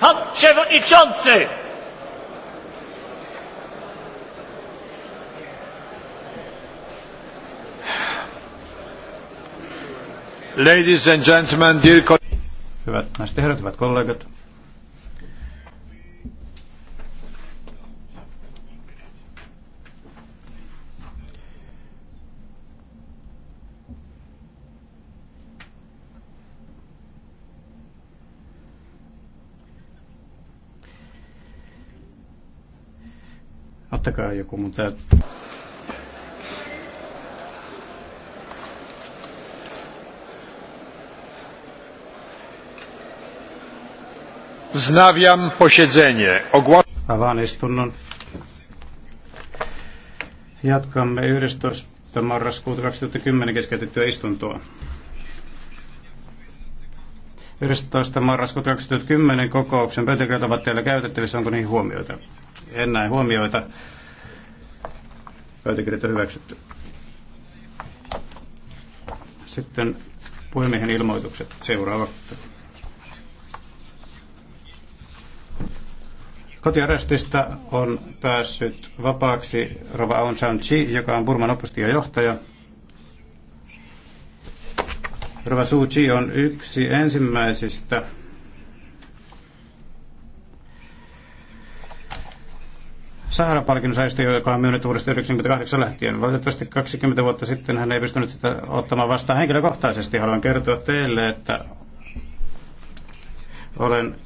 Pan Przewodniczący! Ladies and gentlemen, dear colleagues. Hyvät naiset ja herrat, hyvät kollegat. Ottakaa joku mun täältä. Znawiam posiedzenie. Avaan istunnon. Jatkamme 11. marraskuuta 2010 keskeytettyä istuntoa. 11. marraskuuta 2010 kokouksen pöytäkirjat ovat teillä käytettävissä. Onko niihin huomioita? En näe huomioita. Pöytäkirjat on hyväksytty. Sitten puhemiehen ilmoitukset seuraava. Kotiarestista on päässyt vapaaksi Rova Aung San Chi, joka on Burman oppositiojohtaja. Rova Suu Chi on yksi ensimmäisistä Sahara-palkinnon saisti, joka on myönnetty vuodesta 1998 lähtien. Valitettavasti 20 vuotta sitten hän ei pystynyt sitä ottamaan vastaan henkilökohtaisesti. Haluan kertoa teille, että olen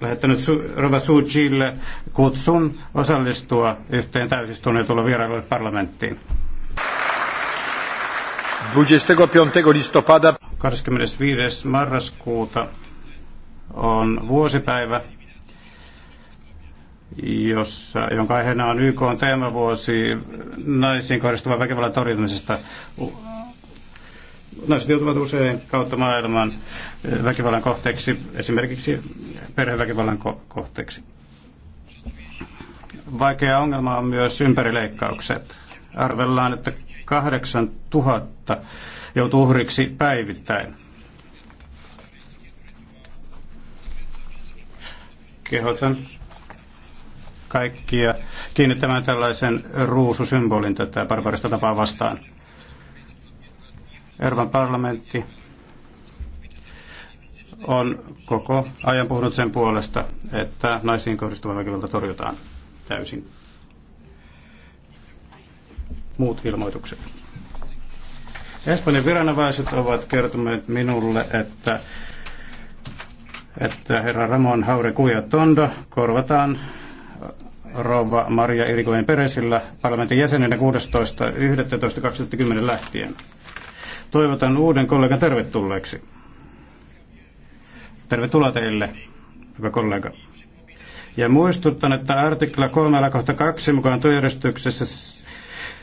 lähettänyt Rova Suuchille kutsun osallistua yhteen täysistunnon ja tulla vierailulle parlamenttiin. listopada 25. marraskuuta on vuosipäivä jossa, jonka aiheena on YK on teemavuosi naisiin kohdistuvan väkivallan torjumisesta. Naiset joutuvat usein kautta maailman eh, väkivallan kohteeksi, esimerkiksi perheväkivallan ko- kohteeksi. Vaikea ongelma on myös ympärileikkaukset. Arvellaan, että 8000 joutuu uhriksi päivittäin. Kehotan kaikkia kiinnittämään tällaisen ruususymbolin tätä barbarista tapaa vastaan. Euroopan parlamentti on koko ajan puhunut sen puolesta, että naisiin kohdistuva väkivalta torjutaan täysin. Muut ilmoitukset. Espanjan viranomaiset ovat kertoneet minulle, että, että herra Ramon Haure Kuja Tondo korvataan rouva Maria Irikoen Peresillä parlamentin jäsenenä 16.11.2010 lähtien. Toivotan uuden kollegan tervetulleeksi. Tervetuloa teille, hyvä kollega. Ja muistutan, että artikla 3.2 mukaan työjärjestyksessä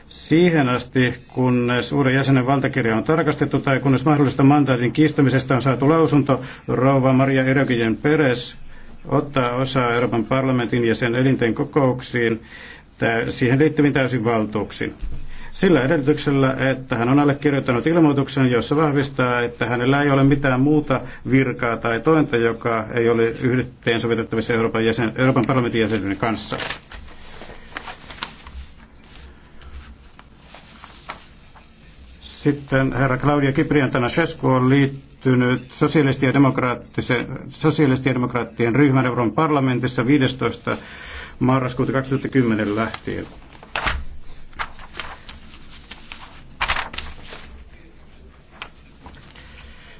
siihen asti, kunnes uuden jäsenen valtakirja on tarkastettu tai kunnes mahdollista mandaatin kiistämisestä on saatu lausunto, rouva Maria Erökijen Peres ottaa osaa Euroopan parlamentin ja sen elinten kokouksiin siihen liittyviin täysin valtuuksiin. Sillä edellytyksellä, että hän on allekirjoittanut ilmoituksen, jossa vahvistaa, että hänellä ei ole mitään muuta virkaa tai tointa, joka ei ole yhteensovitettavissa Euroopan, jäsen, Euroopan parlamentin jäsenyyden kanssa. Sitten herra Claudia Kiprian Tanasescu on liittynyt sosiaalisti- ja, demokraattien ryhmän Euroopan parlamentissa 15. marraskuuta 2010 lähtien.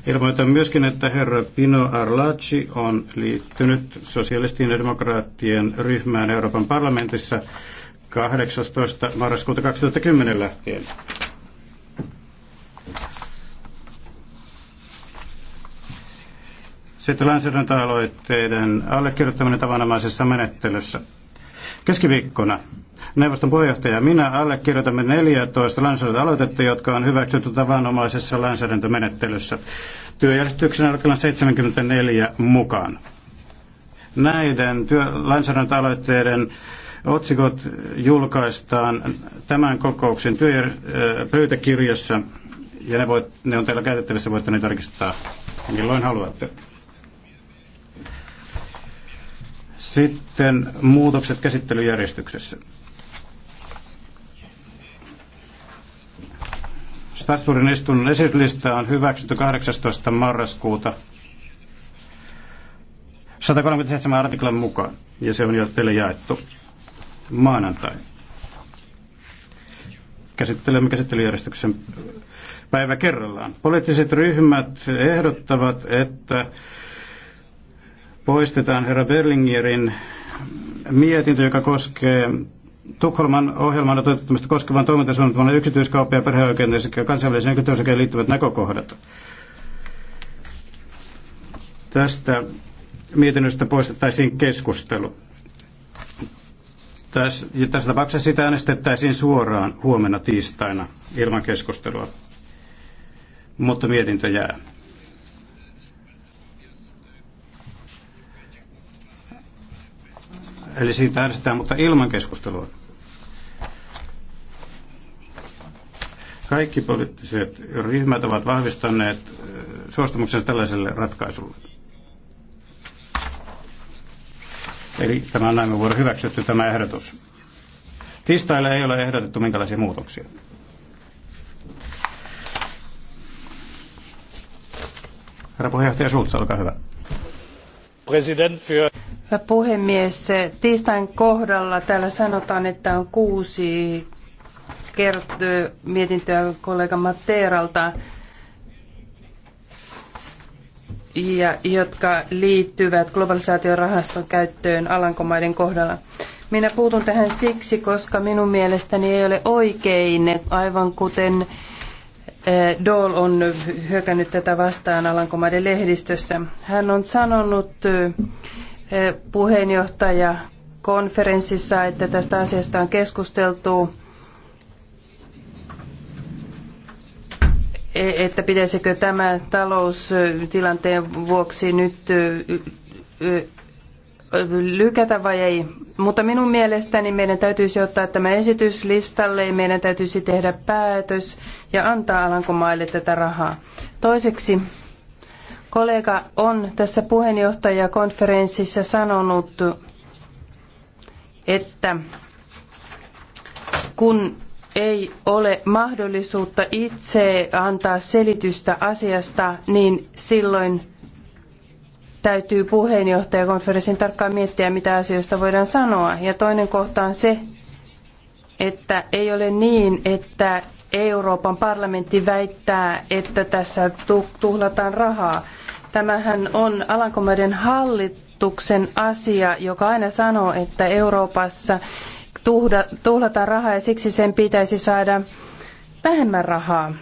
Ilmoitan myöskin, että herra Pino Arlaci on liittynyt sosialistien ja demokraattien ryhmään Euroopan parlamentissa 18. marraskuuta 2010 lähtien. Sitten lainsäädäntöaloitteiden allekirjoittaminen tavanomaisessa menettelyssä. Keskiviikkona neuvoston puheenjohtaja ja minä allekirjoitamme 14 lainsäädäntöaloitetta, jotka on hyväksytty tavanomaisessa lainsäädäntömenettelyssä työjärjestyksen artiklan 74 mukaan. Näiden työ- lainsäädäntöaloitteiden otsikot julkaistaan tämän kokouksen työjär- pöytäkirjassa ja ne, voit, ne on teillä käytettävissä, voitte ne tarkistaa milloin haluatte. Sitten muutokset käsittelyjärjestyksessä. Strasbourgin istunnon esityslista on hyväksytty 18. marraskuuta 137 artiklan mukaan, ja se on jo teille jaettu maanantai. Käsittelemme käsittelyjärjestyksen päivä kerrallaan. Poliittiset ryhmät ehdottavat, että poistetaan herra Berlingerin mietintö, joka koskee Tukholman ohjelman toteuttamista koskevan toimintasuunnitelman yksityiskauppia, ja sekä kansainvälisen yksityisoikeuden liittyvät näkökohdat. Tästä mietinnöstä poistettaisiin keskustelu. Tässä, tässä tapauksessa sitä äänestettäisiin suoraan huomenna tiistaina ilman keskustelua, mutta mietintö jää. Eli siitä äänestetään, mutta ilman keskustelua. Kaikki poliittiset ryhmät ovat vahvistaneet suostumuksen tällaiselle ratkaisulle. Eli tämä on näin vuoden hyväksytty tämä ehdotus. Tiistaille ei ole ehdotettu minkälaisia muutoksia. Herra puheenjohtaja Schulz, olkaa hyvä. President für Hyvä puhemies, tiistain kohdalla täällä sanotaan, että on kuusi kert- mietintöä kollega Matteeralta, ja, jotka liittyvät globalisaatiorahaston käyttöön Alankomaiden kohdalla. Minä puutun tähän siksi, koska minun mielestäni ei ole oikein, aivan kuten eh, Dole on hyökännyt tätä vastaan Alankomaiden lehdistössä. Hän on sanonut eh, puheenjohtaja konferenssissa, että tästä asiasta on keskusteltu, e, että pitäisikö tämä taloustilanteen vuoksi nyt lykätä vai ei. Mutta minun mielestäni meidän täytyisi ottaa tämä esitys listalle ja meidän täytyisi tehdä päätös ja antaa Alankomaille tätä rahaa. Toiseksi Kollega on tässä puheenjohtajakonferenssissa sanonut, että kun ei ole mahdollisuutta itse antaa selitystä asiasta, niin silloin täytyy puheenjohtajakonferenssin tarkkaan miettiä, mitä asioista voidaan sanoa. Ja toinen kohta on se, että ei ole niin, että Euroopan parlamentti väittää, että tässä tuhlataan rahaa. Tämähän on Alankomaiden hallituksen asia, joka aina sanoo, että Euroopassa tuhlataan rahaa ja siksi sen pitäisi saada vähemmän rahaa.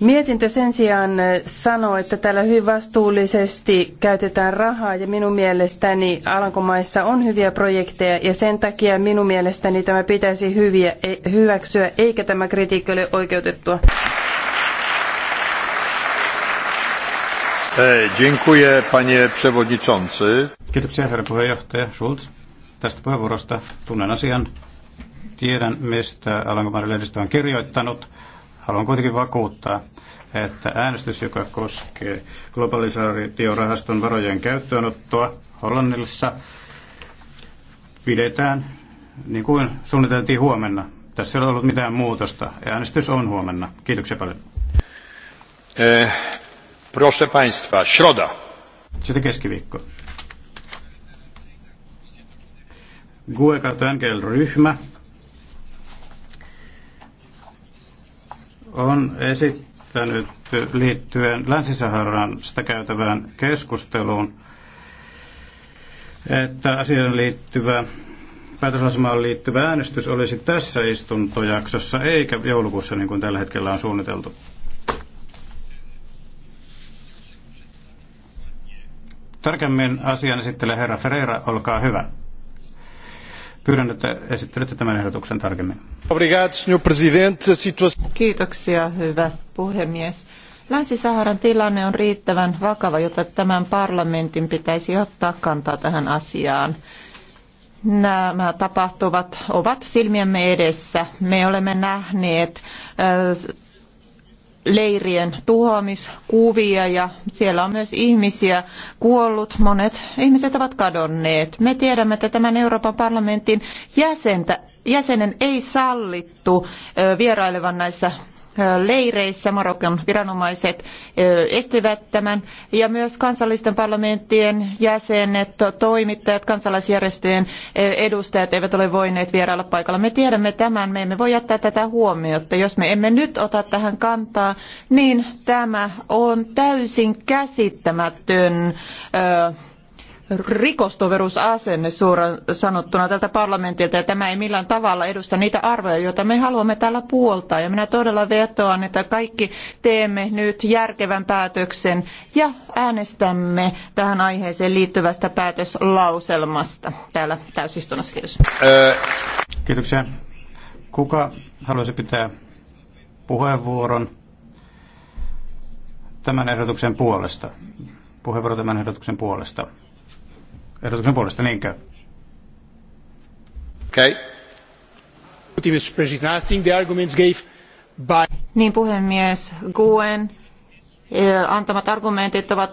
Mietintö sen sijaan sanoo, että täällä hyvin vastuullisesti käytetään rahaa ja minun mielestäni Alankomaissa on hyviä projekteja ja sen takia minun mielestäni tämä pitäisi hyviä, hyväksyä eikä tämä kritiikki ole oikeutettua. Dziękuję, panie przewodniczący. Kiitoksia, herra puheenjohtaja Schulz, tästä puheenvuorosta. Tunnen asian. Tiedän, mistä Alankomaiden lehdistö on kirjoittanut. Haluan kuitenkin vakuuttaa, että äänestys, joka koskee globalisaatiorahaston varojen käyttöönottoa Hollannissa, pidetään niin kuin suunniteltiin huomenna. Tässä ei ole ollut mitään muutosta. Äänestys on huomenna. Kiitoksia paljon. Eh. Proszę Państwa, środa. Sitten keskiviikko. GUE ryhmä on esittänyt liittyen Länsi-Saharan sitä käytävään keskusteluun, että asiaan liittyvä päätöslasemaan liittyvä äänestys olisi tässä istuntojaksossa eikä joulukuussa niin kuin tällä hetkellä on suunniteltu. Tarkemmin asian esittelee herra Ferreira, olkaa hyvä. Pyydän, että esittelette tämän ehdotuksen tarkemmin. Kiitoksia, hyvä puhemies. Länsi-Saharan tilanne on riittävän vakava, jotta tämän parlamentin pitäisi ottaa kantaa tähän asiaan. Nämä tapahtuvat ovat silmiemme edessä. Me olemme nähneet leirien tuhoamiskuvia ja siellä on myös ihmisiä kuollut. Monet ihmiset ovat kadonneet. Me tiedämme, että tämän Euroopan parlamentin jäsentä, jäsenen ei sallittu vierailevan näissä leireissä Marokon viranomaiset estivät tämän ja myös kansallisten parlamenttien jäsenet, toimittajat, kansalaisjärjestöjen edustajat eivät ole voineet vierailla paikalla. Me tiedämme tämän, me emme voi jättää tätä huomiota. Jos me emme nyt ota tähän kantaa, niin tämä on täysin käsittämätön ö, rikostoverusasenne suoraan sanottuna tältä parlamentilta ja tämä ei millään tavalla edusta niitä arvoja, joita me haluamme täällä puoltaa. Ja minä todella vetoan, että kaikki teemme nyt järkevän päätöksen ja äänestämme tähän aiheeseen liittyvästä päätöslauselmasta täällä täysistunnossa. Kiitos. Kiitoksia. Kuka haluaisi pitää puheenvuoron tämän ehdotuksen puolesta? Puheenvuoro tämän ehdotuksen puolesta. Ehdotuksen puolesta, niinkö? Okay. Niin puhemies, Guen eh, antamat argumentit ovat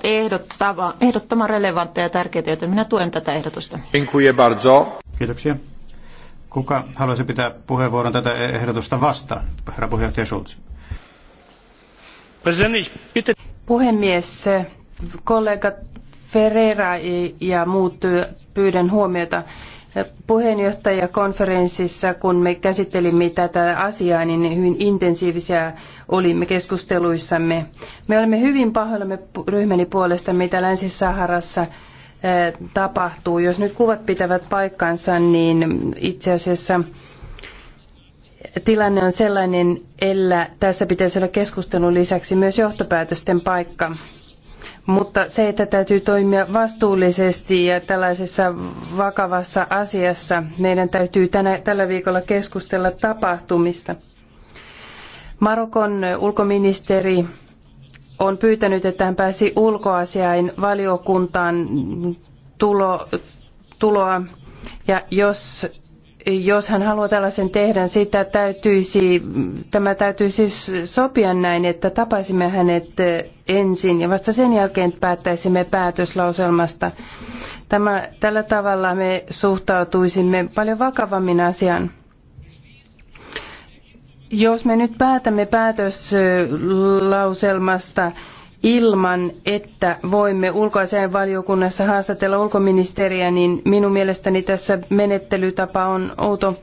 ehdottoman relevantteja ja tärkeitä, joten minä tuen tätä ehdotusta. Kiitoksia. Kuka haluaisi pitää puheenvuoron tätä ehdotusta vastaan? Herra puheenjohtaja Schulz. Puhemies, kollegat, Ferreira ja muut pyydän huomiota puheenjohtajakonferenssissa, kun me käsittelimme tätä asiaa, niin hyvin intensiivisiä olimme keskusteluissamme. Me olemme hyvin pahoillamme ryhmäni puolesta, mitä Länsi-Saharassa tapahtuu. Jos nyt kuvat pitävät paikkansa, niin itse asiassa tilanne on sellainen, että tässä pitäisi olla keskustelun lisäksi myös johtopäätösten paikka. Mutta se, että täytyy toimia vastuullisesti ja tällaisessa vakavassa asiassa, meidän täytyy tänä, tällä viikolla keskustella tapahtumista. Marokon ulkoministeri on pyytänyt, että hän pääsi ulkoasiain valiokuntaan tulo, tuloa. Ja jos jos hän haluaa tällaisen tehdä, sitä täytyisi, tämä täytyisi siis sopia näin, että tapaisimme hänet ensin ja vasta sen jälkeen päättäisimme päätöslauselmasta. Tämä, tällä tavalla me suhtautuisimme paljon vakavammin asiaan. Jos me nyt päätämme päätöslauselmasta, ilman, että voimme ulkoasiainvaliokunnassa haastatella ulkoministeriä, niin minun mielestäni tässä menettelytapa on outo.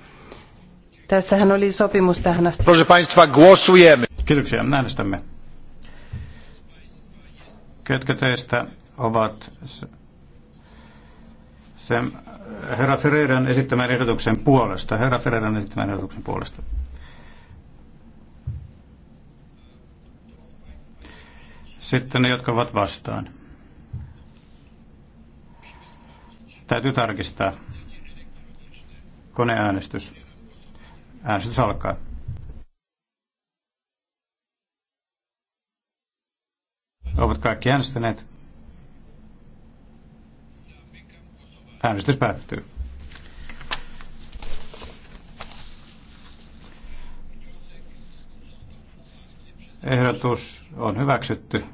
Tässähän oli sopimus tähän asti. Proszę Państwa, głosujemy. Kiitoksia, äänestämme. Ketkä teistä ovat sen herra Ferreiran esittämän ehdotuksen puolesta? Herra Ferreiran esittämän ehdotuksen puolesta. Sitten ne, jotka ovat vastaan. Täytyy tarkistaa. Koneäänestys. Äänestys alkaa. Ovat kaikki äänestäneet. Äänestys päättyy. Ehdotus on hyväksytty.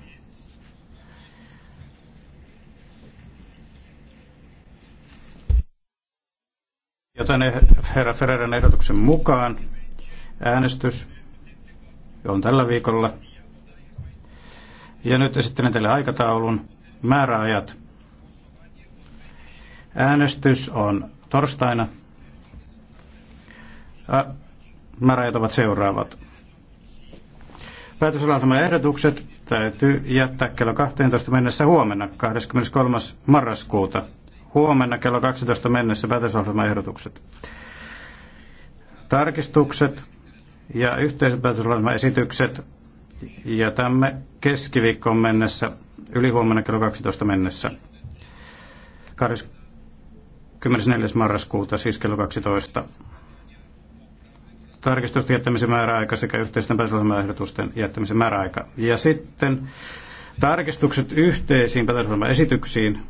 Joten eh, herra Ferreren ehdotuksen mukaan äänestys on tällä viikolla. Ja nyt esittelen teille aikataulun määräajat. Äänestys on torstaina. Määräajat ovat seuraavat. Päätöslauselman ehdotukset täytyy jättää kello 12 mennessä huomenna 23. marraskuuta. Huomenna kello 12 mennessä päätöslauselman ehdotukset. Tarkistukset ja yhteiset päätöslauselman esitykset jätämme keskiviikkoon mennessä ylihuomenna kello 12 mennessä. 24. marraskuuta siis kello 12 tarkistusten jättämisen määräaika sekä yhteisten päätöslauselmaehdotusten jättämisen määräaika. Ja sitten tarkistukset yhteisiin päätöslauselmaesityksiin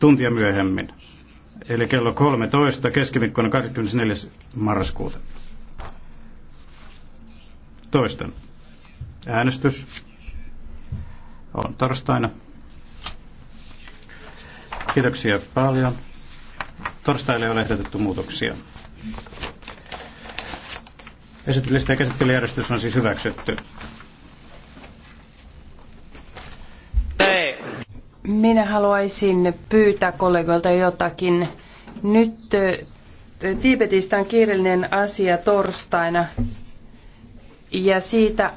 tuntia myöhemmin, eli kello 13 keskiviikkona 24. marraskuuta. Toistan. Äänestys on torstaina. Kiitoksia paljon. Torstaille ei ole ehdotettu muutoksia. Esittelystä ja käsittelyjärjestys on siis hyväksytty. Minä haluaisin pyytää kollegoilta jotakin. Nyt Tiibetistä on kiireellinen asia torstaina ja siitä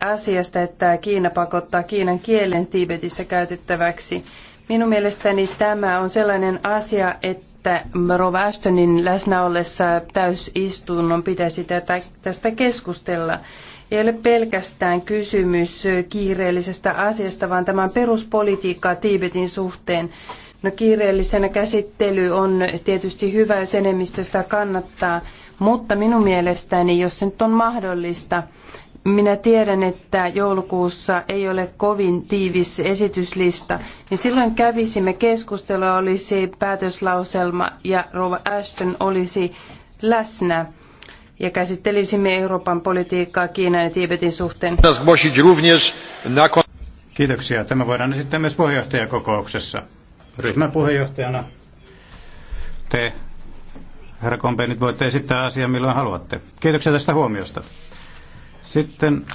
asiasta, että Kiina pakottaa kiinan kielen Tiibetissä käytettäväksi. Minun mielestäni tämä on sellainen asia, että että Rova Ashtonin läsnä ollessa täysistunnon pitäisi tätä, tästä keskustella. Ei ole pelkästään kysymys kiireellisestä asiasta, vaan tämän peruspolitiikkaa Tiibetin suhteen. No kiireellisenä käsittely on tietysti hyvä, jos enemmistöstä kannattaa, mutta minun mielestäni, jos se nyt on mahdollista, minä tiedän, että joulukuussa ei ole kovin tiivis esityslista, niin silloin kävisimme keskustelua, olisi päätöslauselma ja Rova Ashton olisi läsnä ja käsittelisimme Euroopan politiikkaa Kiinan ja Tiibetin suhteen. Kiitoksia. Tämä voidaan esittää myös puheenjohtajakokouksessa. Ryhmän puheenjohtajana te, herra Kompenit, voitte esittää asian milloin haluatte. Kiitoksia tästä huomiosta. Sitten